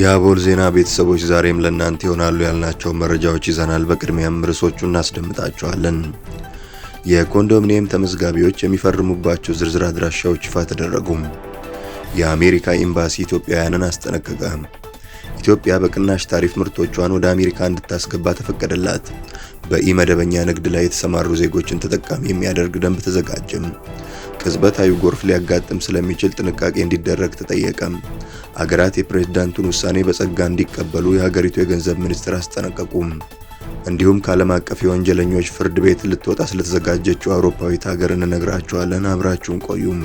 የአቦል ዜና ቤተሰቦች ዛሬም ለእናንተ ይሆናሉ ያልናቸው መረጃዎች ይዘናል። በቅድሚያም ርዕሶቹ እናስደምጣቸዋለን። የኮንዶሚኒየም ተመዝጋቢዎች የሚፈርሙባቸው ዝርዝር አድራሻዎች ይፋ ተደረጉም። የአሜሪካ ኤምባሲ ኢትዮጵያውያንን አስጠነቀቀ። ኢትዮጵያ በቅናሽ ታሪፍ ምርቶቿን ወደ አሜሪካ እንድታስገባ ተፈቀደላት። በኢ መደበኛ ንግድ ላይ የተሰማሩ ዜጎችን ተጠቃሚ የሚያደርግ ደንብ ተዘጋጀም። ቅጽበታዊ ጎርፍ ሊያጋጥም ስለሚችል ጥንቃቄ እንዲደረግ ተጠየቀም። አገራት የፕሬዝዳንቱን ውሳኔ በጸጋ እንዲቀበሉ የሀገሪቱ የገንዘብ ሚኒስትር አስጠነቀቁም። እንዲሁም ከዓለም አቀፍ የወንጀለኞች ፍርድ ቤት ልትወጣ ስለተዘጋጀችው አውሮፓዊት ሀገር እንነግራችኋለን። አብራችሁን ቆዩም።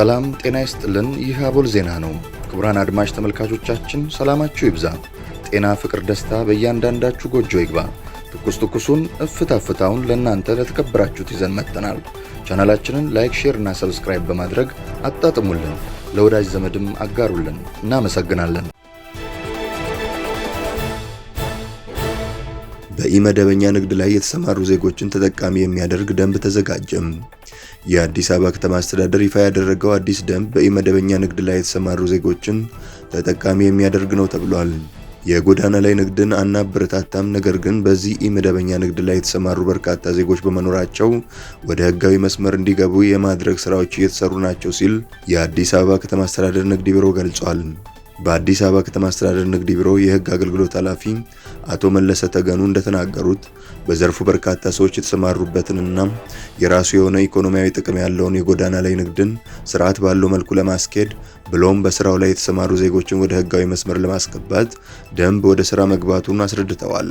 ሰላም ጤና ይስጥልን። ይህ አቦል ዜና ነው። ክቡራን አድማጭ ተመልካቾቻችን ሰላማችሁ ይብዛ፣ ጤና፣ ፍቅር፣ ደስታ በእያንዳንዳችሁ ጎጆ ይግባ። ትኩስ ትኩሱን እፍታ ፍታውን ለእናንተ ለተከበራችሁት ይዘን መጥተናል። ቻናላችንን ላይክ፣ ሼር እና ሰብስክራይብ በማድረግ አጣጥሙልን፣ ለወዳጅ ዘመድም አጋሩልን። እናመሰግናለን። በኢ-መደበኛ ንግድ ላይ የተሰማሩ ዜጎችን ተጠቃሚ የሚያደርግ ደንብ ተዘጋጀም። የአዲስ አበባ ከተማ አስተዳደር ይፋ ያደረገው አዲስ ደንብ በኢመደበኛ ንግድ ላይ የተሰማሩ ዜጎችን ተጠቃሚ የሚያደርግ ነው ተብሏል። የጎዳና ላይ ንግድን አናበረታታም፣ ነገር ግን በዚህ ኢመደበኛ ንግድ ላይ የተሰማሩ በርካታ ዜጎች በመኖራቸው ወደ ሕጋዊ መስመር እንዲገቡ የማድረግ ስራዎች እየተሰሩ ናቸው ሲል የአዲስ አበባ ከተማ አስተዳደር ንግድ ቢሮ ገልጿል። በአዲስ አበባ ከተማ አስተዳደር ንግድ ቢሮ የሕግ አገልግሎት ኃላፊ አቶ መለሰ ተገኑ እንደተናገሩት በዘርፉ በርካታ ሰዎች የተሰማሩበትንና የራሱ የሆነ ኢኮኖሚያዊ ጥቅም ያለውን የጎዳና ላይ ንግድን ስርዓት ባለው መልኩ ለማስኬድ ብሎም በስራው ላይ የተሰማሩ ዜጎችን ወደ ህጋዊ መስመር ለማስገባት ደንብ ወደ ስራ መግባቱን አስረድተዋል።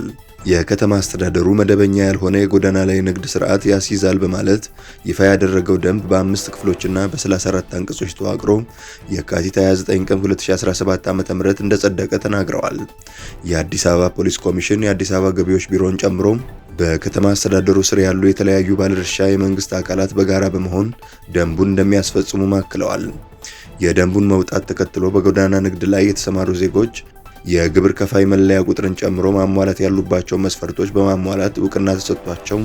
የከተማ አስተዳደሩ መደበኛ ያልሆነ የጎዳና ላይ ንግድ ስርዓት ያስይዛል በማለት ይፋ ያደረገው ደንብ በአምስት ክፍሎችና በ34 አንቀጾች ተዋቅሮ የካቲት 29 ቀን 2017 ዓ.ም እንደጸደቀ ተናግረዋል። የአዲስ አበባ ፖሊስ ኮሚሽን የአዲስ አበባ ገቢዎች ቢሮን ጨምሮ በከተማ አስተዳደሩ ስር ያሉ የተለያዩ ባለድርሻ የመንግስት አካላት በጋራ በመሆን ደንቡን እንደሚያስፈጽሙ ማክለዋል። የደንቡን መውጣት ተከትሎ በጎዳና ንግድ ላይ የተሰማሩ ዜጎች የግብር ከፋይ መለያ ቁጥርን ጨምሮ ማሟላት ያሉባቸው መስፈርቶች በማሟላት እውቅና ተሰጥቷቸው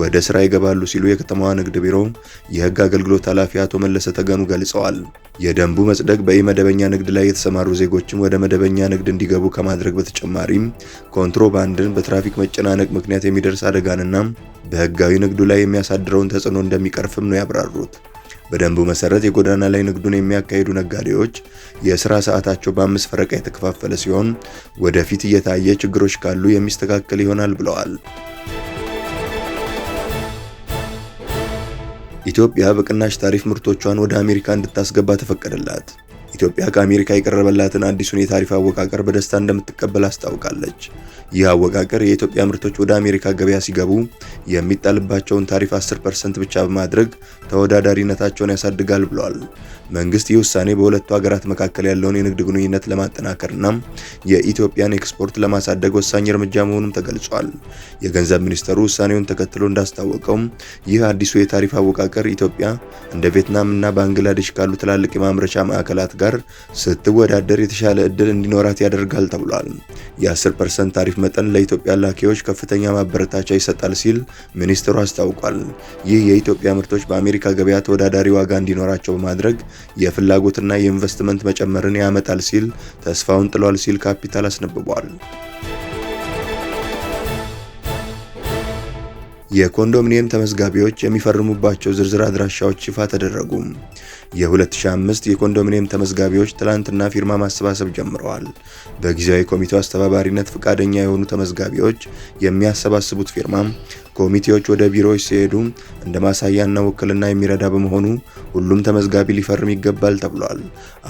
ወደ ስራ ይገባሉ ሲሉ የከተማዋ ንግድ ቢሮ የህግ አገልግሎት ኃላፊ አቶ መለሰ ተገኑ ገልጸዋል። የደንቡ መጽደቅ መደበኛ ንግድ ላይ የተሰማሩ ዜጎችን ወደ መደበኛ ንግድ እንዲገቡ ከማድረግ በተጨማሪም ኮንትሮባንድን፣ በትራፊክ መጨናነቅ ምክንያት የሚደርስ አደጋንና በህጋዊ ንግዱ ላይ የሚያሳድረውን ተጽዕኖ እንደሚቀርፍም ነው ያብራሩት። በደንቡ መሰረት የጎዳና ላይ ንግዱን የሚያካሂዱ ነጋዴዎች የስራ ሰዓታቸው በአምስት ፈረቃ የተከፋፈለ ሲሆን ወደፊት እየታየ ችግሮች ካሉ የሚስተካከል ይሆናል ብለዋል። ኢትዮጵያ በቅናሽ ታሪፍ ምርቶቿን ወደ አሜሪካ እንድታስገባ ተፈቀደላት። ኢትዮጵያ ከአሜሪካ የቀረበላትን አዲሱን የታሪፍ አወቃቀር በደስታ እንደምትቀበል አስታውቃለች። ይህ አወቃቀር የኢትዮጵያ ምርቶች ወደ አሜሪካ ገበያ ሲገቡ የሚጣልባቸውን ታሪፍ 10 ፐርሰንት ብቻ በማድረግ ተወዳዳሪነታቸውን ያሳድጋል ብለዋል። መንግስት ይህ ውሳኔ በሁለቱ ሀገራት መካከል ያለውን የንግድ ግንኙነት ለማጠናከርና የኢትዮጵያን ኤክስፖርት ለማሳደግ ወሳኝ እርምጃ መሆኑም ተገልጿል። የገንዘብ ሚኒስተሩ ውሳኔውን ተከትሎ እንዳስታወቀው ይህ አዲሱ የታሪፍ አወቃቀር ኢትዮጵያ እንደ ቪየትናም እና ባንግላዴሽ ካሉ ትላልቅ የማምረቻ ማዕከላት ጋር ስትወዳደር የተሻለ እድል እንዲኖራት ያደርጋል ተብሏል። የ10 ፐርሰንት ታሪፍ መጠን ለኢትዮጵያ ላኪዎች ከፍተኛ ማበረታቻ ይሰጣል ሲል ሚኒስትሩ አስታውቋል። ይህ የኢትዮጵያ ምርቶች በአሜሪካ የአሜሪካ ገበያ ተወዳዳሪ ዋጋ እንዲኖራቸው በማድረግ የፍላጎትና የኢንቨስትመንት መጨመርን ያመጣል ሲል ተስፋውን ጥሏል ሲል ካፒታል አስነብቧል። የኮንዶሚኒየም ተመዝጋቢዎች የሚፈርሙባቸው ዝርዝር አድራሻዎች ይፋ ተደረጉ። የ2005 የኮንዶሚኒየም ተመዝጋቢዎች ትላንትና ፊርማ ማሰባሰብ ጀምረዋል። በጊዜያዊ ኮሚቴው አስተባባሪነት ፈቃደኛ የሆኑ ተመዝጋቢዎች የሚያሰባስቡት ፊርማም ኮሚቴዎች ወደ ቢሮዎች ሲሄዱ እንደ ማሳያና ውክልና የሚረዳ በመሆኑ ሁሉም ተመዝጋቢ ሊፈርም ይገባል ተብሏል።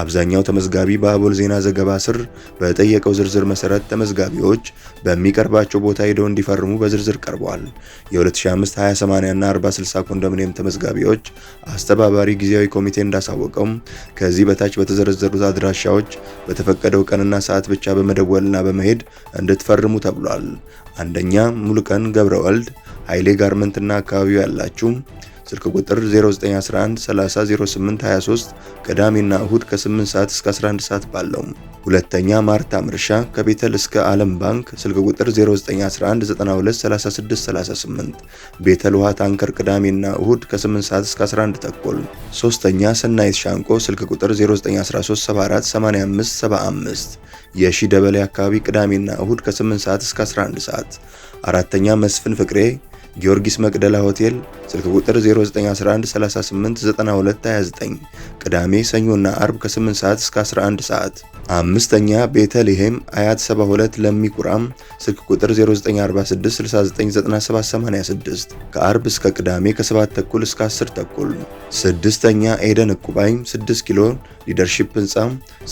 አብዛኛው ተመዝጋቢ በአቦል ዜና ዘገባ ስር በጠየቀው ዝርዝር መሰረት ተመዝጋቢዎች በሚቀርባቸው ቦታ ሄደው እንዲፈርሙ በዝርዝር ቀርቧል። የ2005 ና ኮንዶሚኒየም ተመዝጋቢዎች አስተባባሪ ጊዜያዊ ኮሚቴ እንዳሳወቀው ከዚህ በታች በተዘረዘሩት አድራሻዎች በተፈቀደው ቀንና ሰዓት ብቻ በመደወልና በመሄድ እንድትፈርሙ ተብሏል። አንደኛ ሙሉቀን ገብረወልድ ኃይሌ ጋርመንትና አካባቢው ያላችሁ ስልክ ቁጥር 0911300823 ቅዳሜና እሁድ ከ8 ሰዓት እስከ 11 ሰዓት ባለው። ሁለተኛ ማርታ ምርሻ ከቤተል እስከ ዓለም ባንክ ስልክ ቁጥር 0911923638 ቤተል ውሃ ታንከር ቅዳሜና እሁድ ከ8 ሰዓት እስከ 11 ተኩል። ሶስተኛ ሰናይት ሻንቆ ስልክ ቁጥር 0913748575 የሺ ደበሌ አካባቢ ቅዳሜና እሁድ ከ8 ሰዓት እስከ 11 ሰዓት። አራተኛ መስፍን ፍቅሬ ጊዮርጊስ መቅደላ ሆቴል ስልክ ቁጥር 0911389229 ቅዳሜ ሰኞና አርብ ከ8 ሰዓት እስከ 11 ሰዓት። አምስተኛ ቤተልሔም አያት 72 ለሚቁራም ስልክ ቁጥር 0946699786 ከአርብ እስከ ቅዳሜ ከ7 ተኩል እስከ 10 ተኩል። ስድስተኛ ኤደን እቁባይም 6 ኪሎ ሊደርሺፕ ህንፃ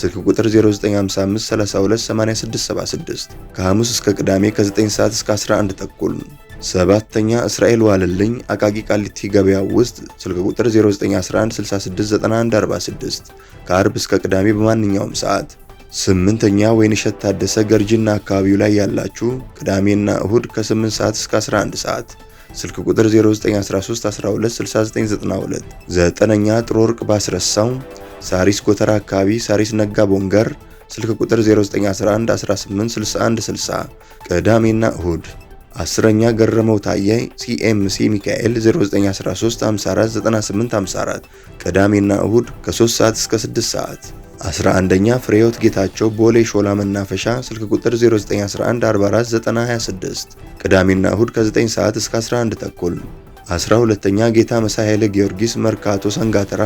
ስልክ ቁጥር 0955328676 ከሐሙስ እስከ ቅዳሜ ከ9 ሰዓት እስከ 11 ተኩል ሰባተኛ እስራኤል ዋለልኝ አቃቂ ቃሊቲ ገበያ ውስጥ ስልክ ቁጥር 46 ከአርብ እስከ ቅዳሜ በማንኛውም ሰዓት። ስምንተኛ ወይንሸት ታደሰ ገርጂና አካባቢው ላይ ያላችሁ ቅዳሜና እሁድ ከ8 ሰዓት እስከ 11 ሰዓት ስልክ ቁጥር 0913126992። ዘጠነኛ ጥሩ ወርቅ ባስረሳው ሳሪስ ጎተራ አካባቢ ሳሪስ ነጋ ቦንገር ስልክ ቁጥር 0911186160 ቅዳሜና እሁድ አስረኛ ገረመው ታየ ሲኤምሲ ሚካኤል 0913549854 ቅዳሜና እሁድ ከ3 ሰዓት እስከ 6 ሰዓት። 11ኛ ፍሬዮት ጌታቸው ቦሌ ሾላ መናፈሻ ስልክ ቁጥር 0911449026 ቅዳሜና እሁድ ከ9 ሰዓት እስከ 11 ተኩል። ሁለተኛ ጌታ መሳይ ጊዮርጊስ መርካቶ ሰንጋተራ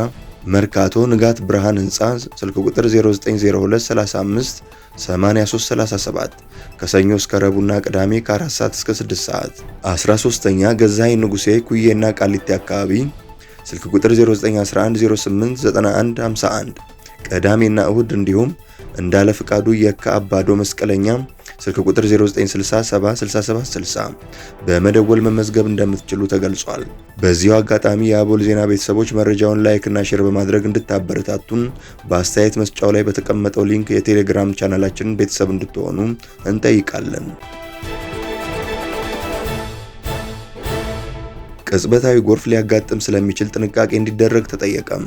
መርካቶ ንጋት ብርሃን ህንፃ ስልክ ቁጥር 0902358337 ከሰኞ እስከ ረቡና ቅዳሜ ከ4 ሰዓት እስከ 6 ሰዓት። 13ኛ ገዛይ ንጉሴ ኩዬና ቃሊቲ አካባቢ ስልክ ቁጥር 0911089151 ቅዳሜና እሁድ እንዲሁም እንዳለ ፍቃዱ የካ አባዶ መስቀለኛ ስልክ ቁጥር 09676760 በመደወል መመዝገብ እንደምትችሉ ተገልጿል። በዚሁ አጋጣሚ የአቦል ዜና ቤተሰቦች መረጃውን እና ሼር በማድረግ እንድታበረታቱን በአስተያየት መስጫው ላይ በተቀመጠው ሊንክ የቴሌግራም ቻናላችንን ቤተሰብ እንድትሆኑ እንጠይቃለን። ቅጽበታዊ ጎርፍ ሊያጋጥም ስለሚችል ጥንቃቄ እንዲደረግ ተጠየቀም።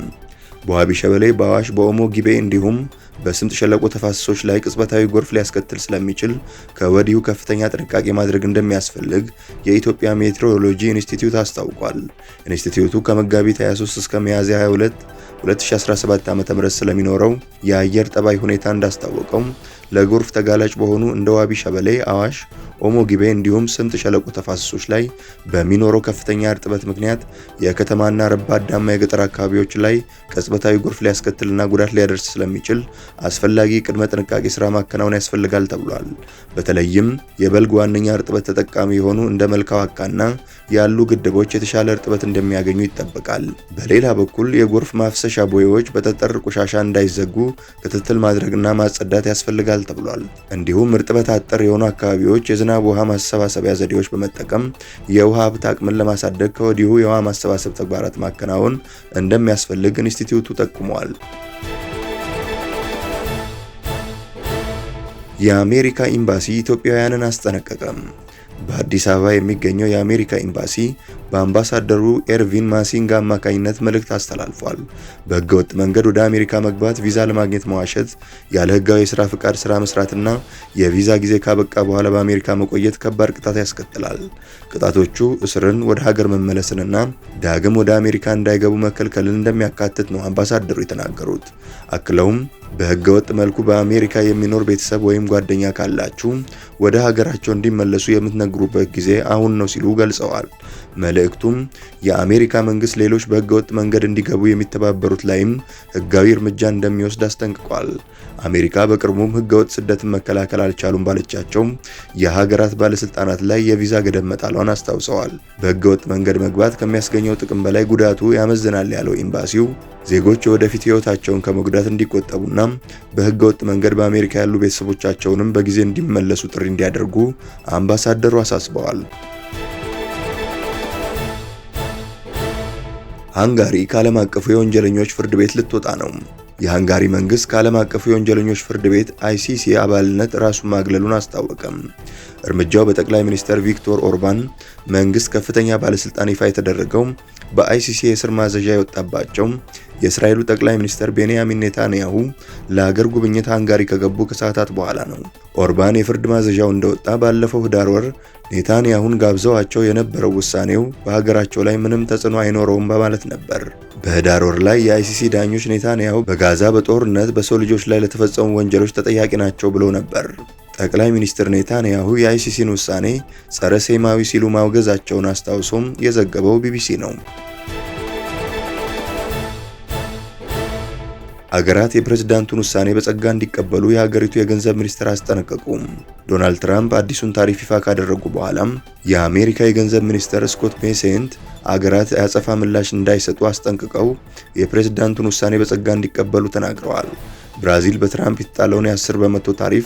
በዋቢ ሸበሌ፣ በአዋሽ፣ በኦሞ ጊቤ እንዲሁም በስምጥ ሸለቆ ተፋሰሶች ላይ ቅጽበታዊ ጎርፍ ሊያስከትል ስለሚችል ከወዲሁ ከፍተኛ ጥንቃቄ ማድረግ እንደሚያስፈልግ የኢትዮጵያ ሜትሮሎጂ ኢንስቲትዩት አስታውቋል። ኢንስቲትዩቱ ከመጋቢት 23 እስከ ሚያዝያ 22 2017 ዓ.ም ስለሚኖረው የአየር ጠባይ ሁኔታ እንዳስታወቀው ለጎርፍ ተጋላጭ በሆኑ እንደ ዋቢ ሸበሌ፣ አዋሽ ኦሞ ጊቤ እንዲሁም ስምጥ ሸለቆ ተፋሰሶች ላይ በሚኖረው ከፍተኛ እርጥበት ምክንያት የከተማና ረባዳማ የገጠር አካባቢዎች ላይ ቅጽበታዊ ጎርፍ ሊያስከትልና ጉዳት ሊያደርስ ስለሚችል አስፈላጊ ቅድመ ጥንቃቄ ስራ ማከናወን ያስፈልጋል ተብሏል። በተለይም የበልግ ዋነኛ እርጥበት ተጠቃሚ የሆኑ እንደ መልካዋቃና ያሉ ግድቦች የተሻለ እርጥበት እንደሚያገኙ ይጠበቃል። በሌላ በኩል የጎርፍ ማፍሰሻ ቦዮች በጠጠር ቆሻሻ እንዳይዘጉ ክትትል ማድረግና ማጸዳት ያስፈልጋል ተብሏል። እንዲሁም እርጥበት አጠር የሆኑ አካባቢዎች የዝና ውሃ ማሰባሰቢያ ዘዴዎች በመጠቀም የውሃ ሀብት አቅምን ለማሳደግ ከወዲሁ የውሃ ማሰባሰብ ተግባራት ማከናወን እንደሚያስፈልግ ኢንስቲትዩቱ ጠቁሟል። የአሜሪካ ኤምባሲ ኢትዮጵያውያንን አስጠነቀቀም። በአዲስ አበባ የሚገኘው የአሜሪካ ኤምባሲ በአምባሳደሩ ኤርቪን ማሲንጋ አማካኝነት መልእክት አስተላልፏል። በህገወጥ መንገድ ወደ አሜሪካ መግባት፣ ቪዛ ለማግኘት መዋሸት፣ ያለ ህጋዊ የስራ ፍቃድ ስራ መስራትና የቪዛ ጊዜ ካበቃ በኋላ በአሜሪካ መቆየት ከባድ ቅጣት ያስከትላል። ቅጣቶቹ እስርን፣ ወደ ሀገር መመለስንና ዳግም ወደ አሜሪካ እንዳይገቡ መከልከልን እንደሚያካትት ነው አምባሳደሩ የተናገሩት። አክለውም በህገወጥ መልኩ በአሜሪካ የሚኖር ቤተሰብ ወይም ጓደኛ ካላችሁ ወደ ሀገራቸው እንዲመለሱ የምትነግሩበት ጊዜ አሁን ነው ሲሉ ገልጸዋል። መልእክቱም የአሜሪካ መንግስት ሌሎች በህገወጥ መንገድ እንዲገቡ የሚተባበሩት ላይም ህጋዊ እርምጃ እንደሚወስድ አስጠንቅቋል። አሜሪካ በቅርቡም ህገወጥ ስደትን መከላከል አልቻሉም ባለቻቸው የሀገራት ባለስልጣናት ላይ የቪዛ ገደብ መጣሏን አስታውሰዋል። በህገወጥ መንገድ መግባት ከሚያስገኘው ጥቅም በላይ ጉዳቱ ያመዝናል ያለው ኤምባሲው ዜጎች የወደፊት ህይወታቸውን ከመጉዳት እንዲቆጠቡና በህገ ወጥ መንገድ በአሜሪካ ያሉ ቤተሰቦቻቸውንም በጊዜ እንዲመለሱ ጥሪ እንዲያደርጉ አምባሳደሩ አሳስበዋል። ሃንጋሪ ከዓለም አቀፉ የወንጀለኞች ፍርድ ቤት ልትወጣ ነው። የሃንጋሪ መንግስት ከዓለም አቀፉ የወንጀለኞች ፍርድ ቤት አይሲሲ አባልነት ራሱን ማግለሉን አስታወቀም። እርምጃው በጠቅላይ ሚኒስትር ቪክቶር ኦርባን መንግስት ከፍተኛ ባለስልጣን ይፋ የተደረገው በአይሲሲ የስር ማዘዣ የወጣባቸው የእስራኤሉ ጠቅላይ ሚኒስትር ቤንያሚን ኔታንያሁ ለሀገር ጉብኝት ሃንጋሪ ከገቡ ከሰዓታት በኋላ ነው። ኦርባን የፍርድ ማዘዣው እንደወጣ ባለፈው ህዳር ወር ኔታንያሁን ጋብዘዋቸው የነበረው ውሳኔው በሀገራቸው ላይ ምንም ተጽዕኖ አይኖረውም በማለት ነበር። በህዳር ወር ላይ የአይሲሲ ዳኞች ኔታንያሁ በጋዛ በጦርነት በሰው ልጆች ላይ ለተፈጸሙ ወንጀሎች ተጠያቂ ናቸው ብለው ነበር። ጠቅላይ ሚኒስትር ኔታንያሁ የአይሲሲን ውሳኔ ጸረ ሴማዊ ሲሉ ማውገዛቸውን አስታውሶም የዘገበው ቢቢሲ ነው። አገራት የፕሬዝዳንቱን ውሳኔ በጸጋ እንዲቀበሉ የሀገሪቱ የገንዘብ ሚኒስትር አስጠነቀቁ። ዶናልድ ትራምፕ አዲሱን ታሪፍ ይፋ ካደረጉ በኋላም የአሜሪካ የገንዘብ ሚኒስትር ስኮት ፔሴንት አገራት ያጸፋ ምላሽ እንዳይሰጡ አስጠንቅቀው የፕሬዝዳንቱን ውሳኔ በጸጋ እንዲቀበሉ ተናግረዋል። ብራዚል በትራምፕ የተጣለውን የ10 በመቶ ታሪፍ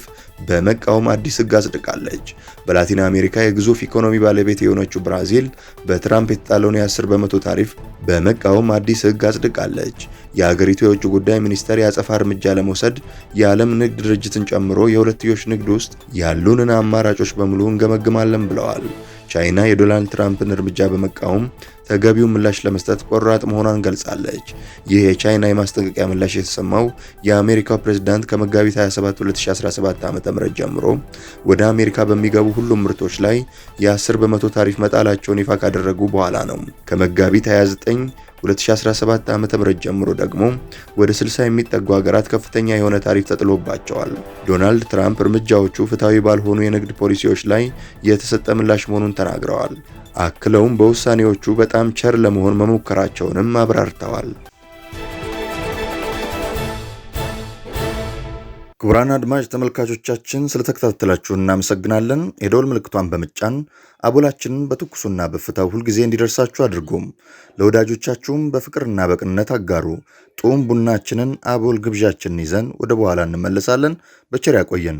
በመቃወም አዲስ ህግ አጽድቃለች። በላቲን አሜሪካ የግዙፍ ኢኮኖሚ ባለቤት የሆነችው ብራዚል በትራምፕ የተጣለውን የ10 በመቶ ታሪፍ በመቃወም አዲስ ህግ አጽድቃለች። የሀገሪቱ የውጭ ጉዳይ ሚኒስቴር የአጸፋ እርምጃ ለመውሰድ የዓለም ንግድ ድርጅትን ጨምሮ የሁለትዮሽ ንግድ ውስጥ ያሉንን አማራጮች በሙሉ እንገመግማለን ብለዋል። ቻይና የዶናልድ ትራምፕን እርምጃ በመቃወም ተገቢው ምላሽ ለመስጠት ቆራጥ መሆኗን ገልጻለች። ይህ የቻይና የማስጠንቀቂያ ምላሽ የተሰማው የአሜሪካው ፕሬዝዳንት ከመጋቢት 27 2017 ዓ.ም ጀምሮ ወደ አሜሪካ በሚገቡ ሁሉም ምርቶች ላይ የ10 በመቶ ታሪፍ መጣላቸውን ይፋ ካደረጉ በኋላ ነው። ከመጋቢት 29 2017 ዓ.ም ጀምሮ ደግሞ ወደ 60 የሚጠጉ ሀገራት ከፍተኛ የሆነ ታሪፍ ተጥሎባቸዋል። ዶናልድ ትራምፕ እርምጃዎቹ ፍትሐዊ ባልሆኑ የንግድ ፖሊሲዎች ላይ የተሰጠ ምላሽ መሆኑን ተናግረዋል። አክለውም በውሳኔዎቹ በጣም ቸር ለመሆን መሞከራቸውንም አብራርተዋል። ክቡራን አድማጭ ተመልካቾቻችን ስለተከታተላችሁ እናመሰግናለን። የደወል ምልክቷን በመጫን አቦላችንን በትኩሱና በፍታው ሁልጊዜ እንዲደርሳችሁ አድርጎም ለወዳጆቻችሁም በፍቅርና በቅንነት አጋሩ። ጡም ቡናችንን አቦል ግብዣችንን ይዘን ወደ በኋላ እንመለሳለን። በቸር ያቆየን።